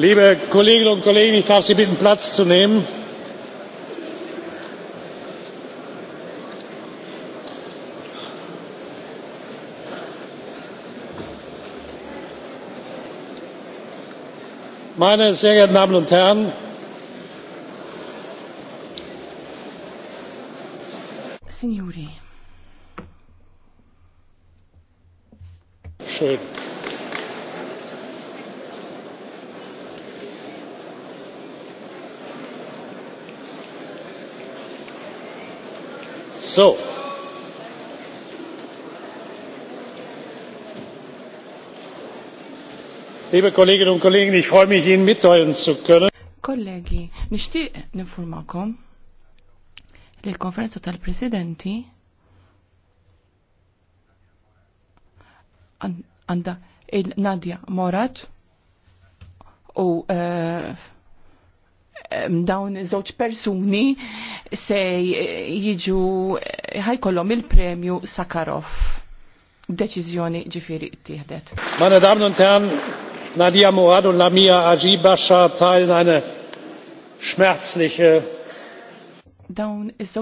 Liebe Kolleginnen und Kollegen, ich darf Sie bitten, Platz zu nehmen. Meine sehr geehrten Damen und Herren, Signori. Schön. So, liebe Kolleginnen und Kollegen, ich freue mich, Ihnen mitteilen zu können. Kollegi, nishti nifurmakom li l-konferenza tal-presidenti għanda il-Nadja Morat u uh, dawn żewġ persuni se jiġu ħajkollhom il-premju Sakarov. Deċiżjoni ġifieri ttieħdet. Mane damnu und Herren, Nadia Murad und Lamia Ajibasha teilen eine schmerzliche dawn iż